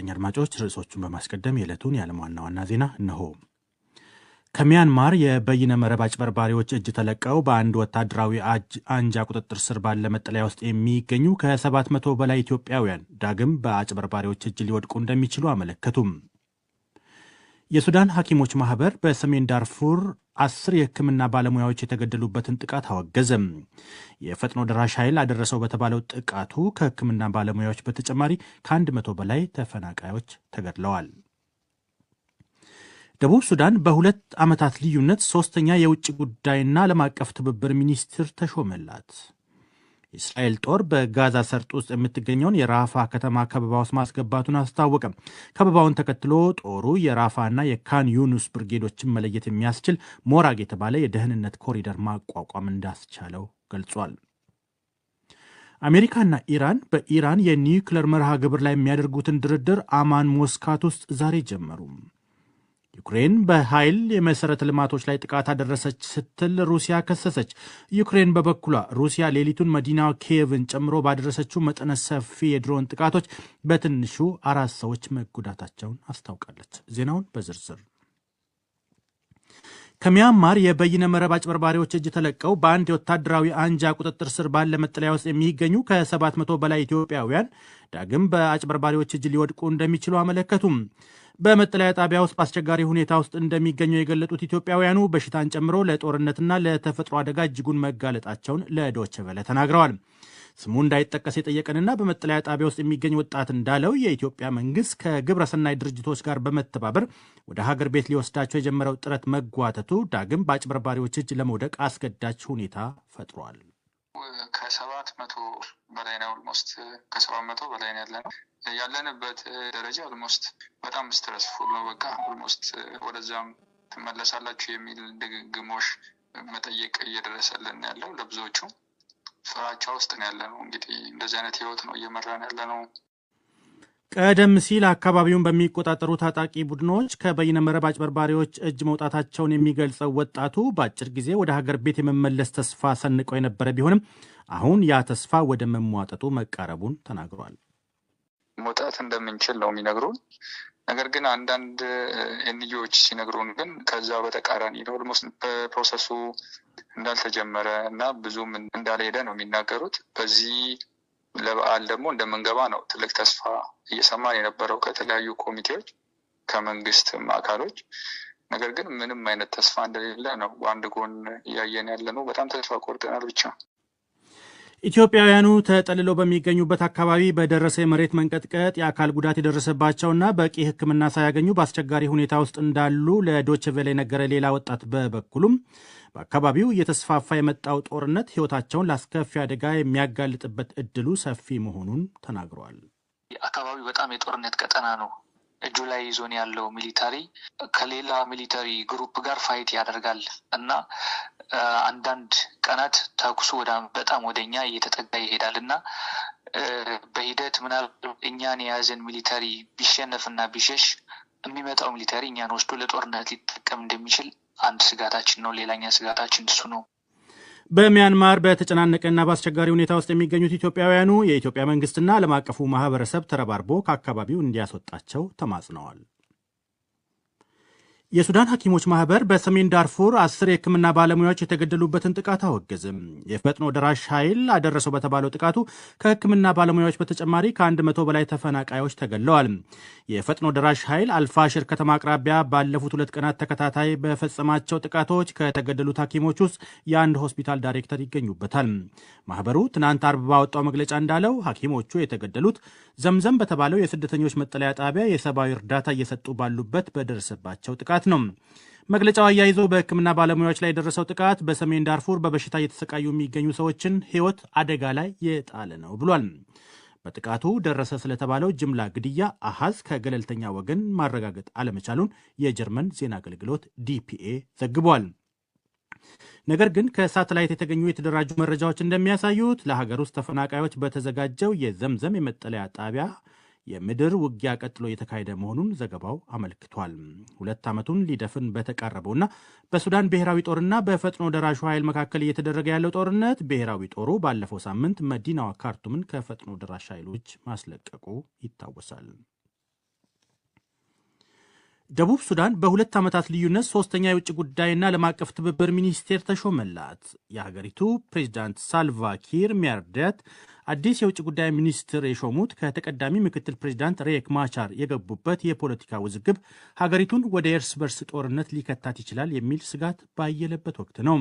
ይስጥልኝ አድማጮች። ርዕሶቹን በማስቀደም የዕለቱን የዓለም ዋና ዋና ዜና እነሆ። ከሚያንማር የበይነ መረብ አጭበርባሪዎች እጅ ተለቀው በአንድ ወታደራዊ አንጃ ቁጥጥር ስር ባለ መጠለያ ውስጥ የሚገኙ ከ700 በላይ ኢትዮጵያውያን ዳግም በአጭበርባሪዎች እጅ ሊወድቁ እንደሚችሉ አመለከቱም። የሱዳን ሐኪሞች ማህበር በሰሜን ዳርፉር አስር የሕክምና ባለሙያዎች የተገደሉበትን ጥቃት አወገዘም። የፈጥኖ ደራሽ ኃይል አደረሰው በተባለው ጥቃቱ ከሕክምና ባለሙያዎች በተጨማሪ ከአንድ መቶ በላይ ተፈናቃዮች ተገድለዋል። ደቡብ ሱዳን በሁለት ዓመታት ልዩነት ሶስተኛ የውጭ ጉዳይና ዓለም አቀፍ ትብብር ሚኒስትር ተሾመላት። የእስራኤል ጦር በጋዛ ሰርጥ ውስጥ የምትገኘውን የራፋ ከተማ ከበባ ውስጥ ማስገባቱን አስታወቀም። ከበባውን ተከትሎ ጦሩ የራፋና የካን ዩኑስ ብርጌዶችን መለየት የሚያስችል ሞራግ የተባለ የደህንነት ኮሪደር ማቋቋም እንዳስቻለው ገልጿል። አሜሪካና ኢራን በኢራን የኒውክለር መርሃ ግብር ላይ የሚያደርጉትን ድርድር አማን ሞስካት ውስጥ ዛሬ ጀመሩ። ዩክሬን በኃይል የመሰረተ ልማቶች ላይ ጥቃት አደረሰች ስትል ሩሲያ ከሰሰች። ዩክሬን በበኩሏ ሩሲያ ሌሊቱን መዲና ኪየቭን ጨምሮ ባደረሰችው መጠነ ሰፊ የድሮን ጥቃቶች በትንሹ አራት ሰዎች መጎዳታቸውን አስታውቃለች። ዜናውን በዝርዝር ከሚያንማር የበይነ መረብ አጭበርባሪዎች እጅ ተለቀው በአንድ የወታደራዊ አንጃ ቁጥጥር ስር ባለ መጠለያ ውስጥ የሚገኙ ከሰባት መቶ በላይ ኢትዮጵያውያን ዳግም በአጭበርባሪዎች እጅ ሊወድቁ እንደሚችሉ አመለከቱም። በመጠለያ ጣቢያ ውስጥ በአስቸጋሪ ሁኔታ ውስጥ እንደሚገኙ የገለጡት ኢትዮጵያውያኑ በሽታን ጨምሮ ለጦርነትና ለተፈጥሮ አደጋ እጅጉን መጋለጣቸውን ለዶይቼ ቬለ ተናግረዋል። ስሙ እንዳይጠቀስ የጠየቀንና በመጠለያ ጣቢያ ውስጥ የሚገኝ ወጣት እንዳለው የኢትዮጵያ መንግስት ከግብረሰናይ ድርጅቶች ጋር በመተባበር ወደ ሀገር ቤት ሊወስዳቸው የጀመረው ጥረት መጓተቱ ዳግም በአጭበርባሪዎች እጅ ለመውደቅ አስገዳጅ ሁኔታ ፈጥሯል። ከሰባት መቶ በላይ ነው። ኦልሞስት ከሰባት መቶ በላይ ነው ያለን ያለንበት ደረጃ ኦልሞስት በጣም ስትረስ ፉል ነው። በቃ ኦልሞስት ወደዛም ትመለሳላችሁ የሚል ድግግሞሽ መጠየቅ እየደረሰልን ያለው ለብዙዎቹ ፍራቻ ውስጥ ነው ያለ ነው። እንግዲህ እንደዚህ አይነት ህይወት ነው እየመራን ያለ ነው። ቀደም ሲል አካባቢውን በሚቆጣጠሩ ታጣቂ ቡድኖች ከበይነ መረብ አጭበርባሪዎች እጅ መውጣታቸውን የሚገልጸው ወጣቱ በአጭር ጊዜ ወደ ሀገር ቤት የመመለስ ተስፋ ሰንቆ የነበረ ቢሆንም አሁን ያ ተስፋ ወደ መሟጠጡ መቃረቡን ተናግሯል። መውጣት እንደምንችል ነው የሚነግሩን። ነገር ግን አንዳንድ ኤንጂዎች ሲነግሩን ግን ከዛ በተቃራኒ ኦልሞስት በፕሮሰሱ እንዳልተጀመረ እና ብዙም እንዳልሄደ ነው የሚናገሩት በዚህ ለበዓል ደግሞ እንደምንገባ ነው ትልቅ ተስፋ እየሰማን የነበረው ከተለያዩ ኮሚቴዎች ከመንግስትም አካሎች። ነገር ግን ምንም አይነት ተስፋ እንደሌለ ነው በአንድ ጎን እያየን ያለ ነው። በጣም ተስፋ ቆርጠናል ብቻ ኢትዮጵያውያኑ ተጠልለው በሚገኙበት አካባቢ በደረሰ የመሬት መንቀጥቀጥ የአካል ጉዳት የደረሰባቸውና በቂ ሕክምና ሳያገኙ በአስቸጋሪ ሁኔታ ውስጥ እንዳሉ ለዶቼ ቬለ የነገረ ሌላ ወጣት በበኩሉም በአካባቢው እየተስፋፋ የመጣው ጦርነት ሕይወታቸውን ላስከፊ አደጋ የሚያጋልጥበት እድሉ ሰፊ መሆኑን ተናግረዋል። አካባቢው በጣም የጦርነት ቀጠና ነው። እጁ ላይ ይዞን ያለው ሚሊታሪ ከሌላ ሚሊታሪ ግሩፕ ጋር ፋይት ያደርጋል እና አንዳንድ ቀናት ተኩሱ በጣም ወደ እኛ እየተጠጋ ይሄዳል እና በሂደት ምናል እኛን የያዘን ሚሊታሪ ቢሸነፍና ቢሸሽ የሚመጣው ሚሊታሪ እኛን ወስዶ ለጦርነት ሊጠቀም እንደሚችል አንድ ስጋታችን ነው። ሌላኛ ስጋታችን እሱ ነው። በሚያንማር በተጨናነቀና በአስቸጋሪ ሁኔታ ውስጥ የሚገኙት ኢትዮጵያውያኑ የኢትዮጵያ መንግስትና ዓለም አቀፉ ማህበረሰብ ተረባርቦ ከአካባቢው እንዲያስወጣቸው ተማጽነዋል። የሱዳን ሐኪሞች ማህበር በሰሜን ዳርፉር አስር የሕክምና ባለሙያዎች የተገደሉበትን ጥቃት አወገዝም። የፈጥኖ ደራሽ ኃይል አደረሰው በተባለው ጥቃቱ ከሕክምና ባለሙያዎች በተጨማሪ ከአንድ መቶ በላይ ተፈናቃዮች ተገለዋል። የፈጥኖ ደራሽ ኃይል አልፋሽር ከተማ አቅራቢያ ባለፉት ሁለት ቀናት ተከታታይ በፈጸማቸው ጥቃቶች ከተገደሉት ሐኪሞች ውስጥ የአንድ ሆስፒታል ዳይሬክተር ይገኙበታል። ማህበሩ ትናንት አርብ ባወጣው መግለጫ እንዳለው ሐኪሞቹ የተገደሉት ዘምዘም በተባለው የስደተኞች መጠለያ ጣቢያ የሰብአዊ እርዳታ እየሰጡ ባሉበት በደረሰባቸው ጥቃት ጥቃት ነው። መግለጫው አያይዞ በሕክምና ባለሙያዎች ላይ የደረሰው ጥቃት በሰሜን ዳርፉር በበሽታ እየተሰቃዩ የሚገኙ ሰዎችን ሕይወት አደጋ ላይ የጣለ ነው ብሏል። በጥቃቱ ደረሰ ስለተባለው ጅምላ ግድያ አሃዝ ከገለልተኛ ወገን ማረጋገጥ አለመቻሉን የጀርመን ዜና አገልግሎት ዲፒኤ ዘግቧል። ነገር ግን ከሳተላይት የተገኙ የተደራጁ መረጃዎች እንደሚያሳዩት ለሀገር ውስጥ ተፈናቃዮች በተዘጋጀው የዘምዘም የመጠለያ ጣቢያ የምድር ውጊያ ቀጥሎ የተካሄደ መሆኑን ዘገባው አመልክቷል። ሁለት ዓመቱን ሊደፍን በተቃረበውና በሱዳን ብሔራዊ ጦርና በፈጥኖ ደራሹ ኃይል መካከል እየተደረገ ያለው ጦርነት ብሔራዊ ጦሩ ባለፈው ሳምንት መዲናዋ ካርቱምን ከፈጥኖ ደራሽ ኃይሎች ማስለቀቁ ይታወሳል። ደቡብ ሱዳን በሁለት ዓመታት ልዩነት ሶስተኛ የውጭ ጉዳይና ዓለም አቀፍ ትብብር ሚኒስቴር ተሾመላት። የሀገሪቱ ፕሬዚዳንት ሳልቫኪር ሚያርዳት አዲስ የውጭ ጉዳይ ሚኒስትር የሾሙት ከተቀዳሚ ምክትል ፕሬዚዳንት ሬክ ማቻር የገቡበት የፖለቲካ ውዝግብ ሀገሪቱን ወደ እርስ በርስ ጦርነት ሊከታት ይችላል የሚል ስጋት ባየለበት ወቅት ነው።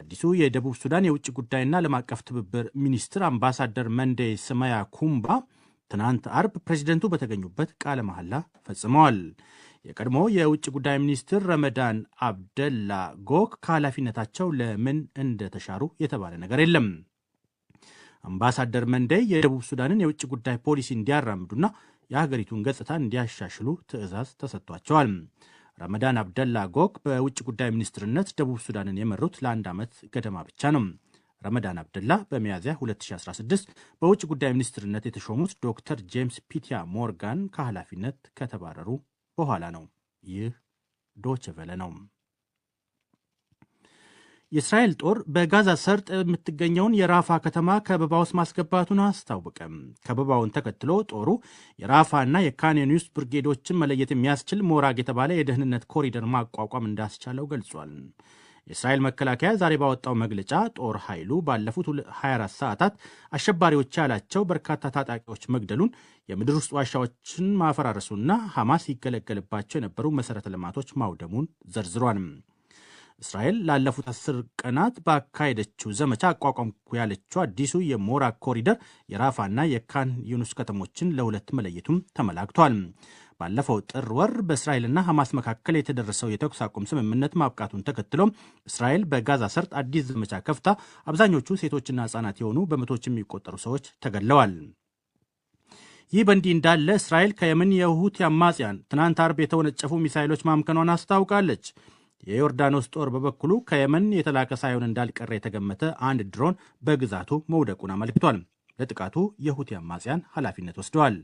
አዲሱ የደቡብ ሱዳን የውጭ ጉዳይና ዓለም አቀፍ ትብብር ሚኒስትር አምባሳደር መንዴ ስማያ ኩምባ ትናንት አርብ ፕሬዚደንቱ በተገኙበት ቃለ መሐላ ፈጽመዋል። የቀድሞ የውጭ ጉዳይ ሚኒስትር ረመዳን አብደላ ጎክ ከኃላፊነታቸው ለምን እንደተሻሩ የተባለ ነገር የለም። አምባሳደር መንደይ የደቡብ ሱዳንን የውጭ ጉዳይ ፖሊሲ እንዲያራምዱና የሀገሪቱን ገጽታ እንዲያሻሽሉ ትዕዛዝ ተሰጥቷቸዋል። ረመዳን አብደላ ጎክ በውጭ ጉዳይ ሚኒስትርነት ደቡብ ሱዳንን የመሩት ለአንድ ዓመት ገደማ ብቻ ነው። ረመዳን አብደላ በሚያዝያ 2016 በውጭ ጉዳይ ሚኒስትርነት የተሾሙት ዶክተር ጄምስ ፒቲያ ሞርጋን ከኃላፊነት ከተባረሩ በኋላ ነው። ይህ ዶችቨለ ነው። የእስራኤል ጦር በጋዛ ሰርጥ የምትገኘውን የራፋ ከተማ ከበባ ውስጥ ማስገባቱን አስታወቀም። ከበባውን ተከትሎ ጦሩ የራፋ የካን የካኔኒውስ ብርጌዶችን መለየት የሚያስችል ሞራግ የተባለ የደህንነት ኮሪደር ማቋቋም እንዳስቻለው ገልጿል። የእስራኤል መከላከያ ዛሬ ባወጣው መግለጫ ጦር ኃይሉ ባለፉት 24 ሰዓታት አሸባሪዎች ያላቸው በርካታ ታጣቂዎች መግደሉን፣ የምድር ውስጥ ዋሻዎችን ማፈራረሱና ሐማስ ይገለገልባቸው የነበሩ መሠረተ ልማቶች ማውደሙን ዘርዝሯል። እስራኤል ላለፉት አስር ቀናት ባካሄደችው ዘመቻ አቋቋምኩ ያለችው አዲሱ የሞራ ኮሪደር የራፋና የካን ዩኑስ ከተሞችን ለሁለት መለየቱም ተመላክቷል። ባለፈው ጥር ወር በእስራኤልና ሐማስ መካከል የተደረሰው የተኩስ አቁም ስምምነት ማብቃቱን ተከትሎ እስራኤል በጋዛ ሰርጥ አዲስ ዘመቻ ከፍታ አብዛኞቹ ሴቶችና ሕጻናት የሆኑ በመቶዎች የሚቆጠሩ ሰዎች ተገድለዋል። ይህ በእንዲህ እንዳለ እስራኤል ከየመን የሁቲ አማጽያን ትናንት አርብ የተወነጨፉ ሚሳይሎች ማምከኗን አስታውቃለች። የዮርዳኖስ ጦር በበኩሉ ከየመን የተላከ ሳይሆን እንዳልቀረ የተገመተ አንድ ድሮን በግዛቱ መውደቁን አመልክቷል። ለጥቃቱ የሁቲ አማጽያን ኃላፊነት ወስደዋል።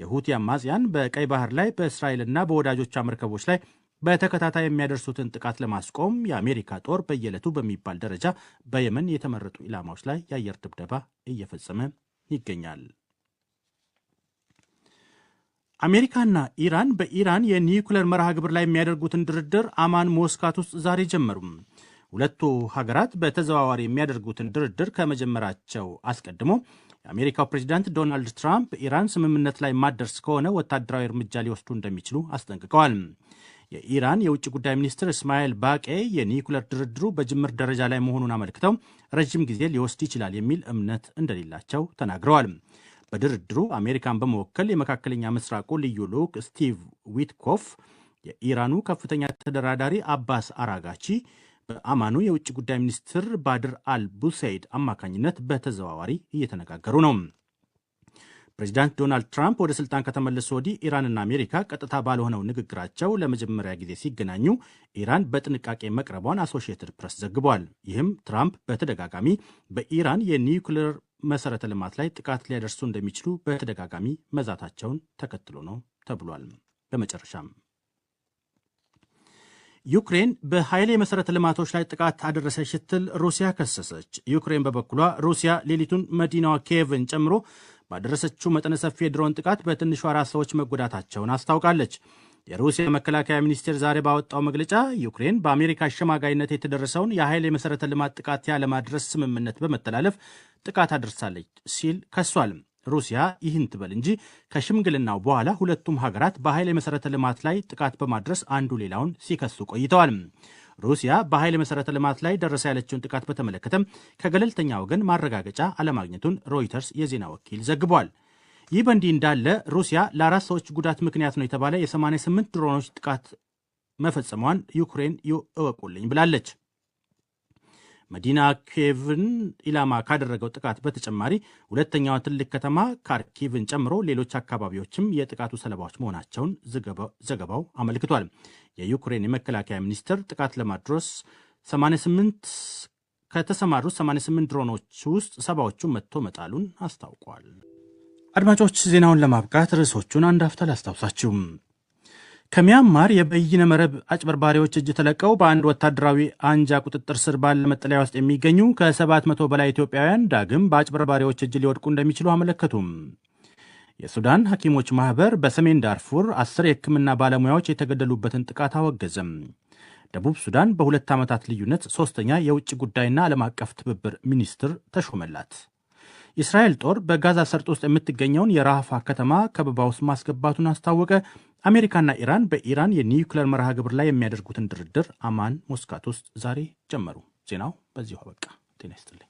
የሁቲ አማጽያን በቀይ ባህር ላይ በእስራኤልና በወዳጆቿ መርከቦች ላይ በተከታታይ የሚያደርሱትን ጥቃት ለማስቆም የአሜሪካ ጦር በየዕለቱ በሚባል ደረጃ በየመን የተመረጡ ኢላማዎች ላይ የአየር ድብደባ እየፈጸመ ይገኛል። አሜሪካና ኢራን በኢራን የኒውክለር መርሃ ግብር ላይ የሚያደርጉትን ድርድር አማን ሞስካት ውስጥ ዛሬ ጀመሩም። ሁለቱ ሀገራት በተዘዋዋሪ የሚያደርጉትን ድርድር ከመጀመራቸው አስቀድሞ የአሜሪካው ፕሬዚዳንት ዶናልድ ትራምፕ ኢራን ስምምነት ላይ ማደርስ ከሆነ ወታደራዊ እርምጃ ሊወስዱ እንደሚችሉ አስጠንቅቀዋል። የኢራን የውጭ ጉዳይ ሚኒስትር እስማኤል ባቄ የኒውክለር ድርድሩ በጅምር ደረጃ ላይ መሆኑን አመልክተው ረዥም ጊዜ ሊወስድ ይችላል የሚል እምነት እንደሌላቸው ተናግረዋል። በድርድሩ አሜሪካን በመወከል የመካከለኛ ምስራቁ ልዩ ልዑክ ስቲቭ ዊትኮፍ፣ የኢራኑ ከፍተኛ ተደራዳሪ አባስ አራጋቺ በአማኑ የውጭ ጉዳይ ሚኒስትር ባድር አል ቡሰይድ አማካኝነት በተዘዋዋሪ እየተነጋገሩ ነው። ፕሬዚዳንት ዶናልድ ትራምፕ ወደ ስልጣን ከተመለሱ ወዲህ ኢራንና አሜሪካ ቀጥታ ባልሆነው ንግግራቸው ለመጀመሪያ ጊዜ ሲገናኙ ኢራን በጥንቃቄ መቅረቧን አሶሺየትድ ፕሬስ ዘግቧል። ይህም ትራምፕ በተደጋጋሚ በኢራን የኒውክሌር መሰረተ ልማት ላይ ጥቃት ሊያደርሱ እንደሚችሉ በተደጋጋሚ መዛታቸውን ተከትሎ ነው ተብሏል። በመጨረሻም ዩክሬን በኃይል የመሠረተ ልማቶች ላይ ጥቃት አደረሰች ስትል ሩሲያ ከሰሰች። ዩክሬን በበኩሏ ሩሲያ ሌሊቱን መዲናዋ ኪየቭን ጨምሮ ባደረሰችው መጠነ ሰፊ የድሮን ጥቃት በትንሹ አራት ሰዎች መጎዳታቸውን አስታውቃለች። የሩሲያ መከላከያ ሚኒስቴር ዛሬ ባወጣው መግለጫ ዩክሬን በአሜሪካ አሸማጋይነት የተደረሰውን የኃይል የመሠረተ ልማት ጥቃት ያለማድረስ ስምምነት በመተላለፍ ጥቃት አድርሳለች ሲል ከሷል። ሩሲያ ይህን ትበል እንጂ ከሽምግልናው በኋላ ሁለቱም ሀገራት በኃይል የመሠረተ ልማት ላይ ጥቃት በማድረስ አንዱ ሌላውን ሲከሱ ቆይተዋል። ሩሲያ በኃይል መሠረተ ልማት ላይ ደረሰ ያለችውን ጥቃት በተመለከተም ከገለልተኛ ወገን ማረጋገጫ አለማግኘቱን ሮይተርስ የዜና ወኪል ዘግቧል። ይህ በእንዲህ እንዳለ ሩሲያ ለአራት ሰዎች ጉዳት ምክንያት ነው የተባለ የ88 ድሮኖች ጥቃት መፈጸሟን ዩክሬን እወቁልኝ ብላለች። መዲና ኬቭን ኢላማ ካደረገው ጥቃት በተጨማሪ ሁለተኛዋ ትልቅ ከተማ ካርኪቭን ጨምሮ ሌሎች አካባቢዎችም የጥቃቱ ሰለባዎች መሆናቸውን ዘገባው አመልክቷል። የዩክሬን የመከላከያ ሚኒስትር ጥቃት ለማድረስ 88 ከተሰማሩት 88 ድሮኖች ውስጥ ሰባዎቹ መጥቶ መጣሉን አስታውቋል። አድማጮች ዜናውን ለማብቃት ርዕሶቹን አንድ አፍታ ላስታውሳችሁ። ከሚያንማር የበይነ መረብ አጭበርባሪዎች እጅ ተለቀው በአንድ ወታደራዊ አንጃ ቁጥጥር ስር ባለ መጠለያ ውስጥ የሚገኙ ከ700 በላይ ኢትዮጵያውያን ዳግም በአጭበርባሪዎች እጅ ሊወድቁ እንደሚችሉ አመለከቱም። የሱዳን ሐኪሞች ማኅበር በሰሜን ዳርፉር አስር የሕክምና ባለሙያዎች የተገደሉበትን ጥቃት አወገዘም። ደቡብ ሱዳን በሁለት ዓመታት ልዩነት ሦስተኛ የውጭ ጉዳይና ዓለም አቀፍ ትብብር ሚኒስትር ተሾመላት። የእስራኤል ጦር በጋዛ ሰርጥ ውስጥ የምትገኘውን የራፋ ከተማ ከበባ ውስጥ ማስገባቱን አስታወቀ። አሜሪካና ኢራን በኢራን የኒውክሌር መርሃ ግብር ላይ የሚያደርጉትን ድርድር አማን ሞስካት ውስጥ ዛሬ ጀመሩ። ዜናው በዚሁ አበቃ። ጤና ይስጥልኝ።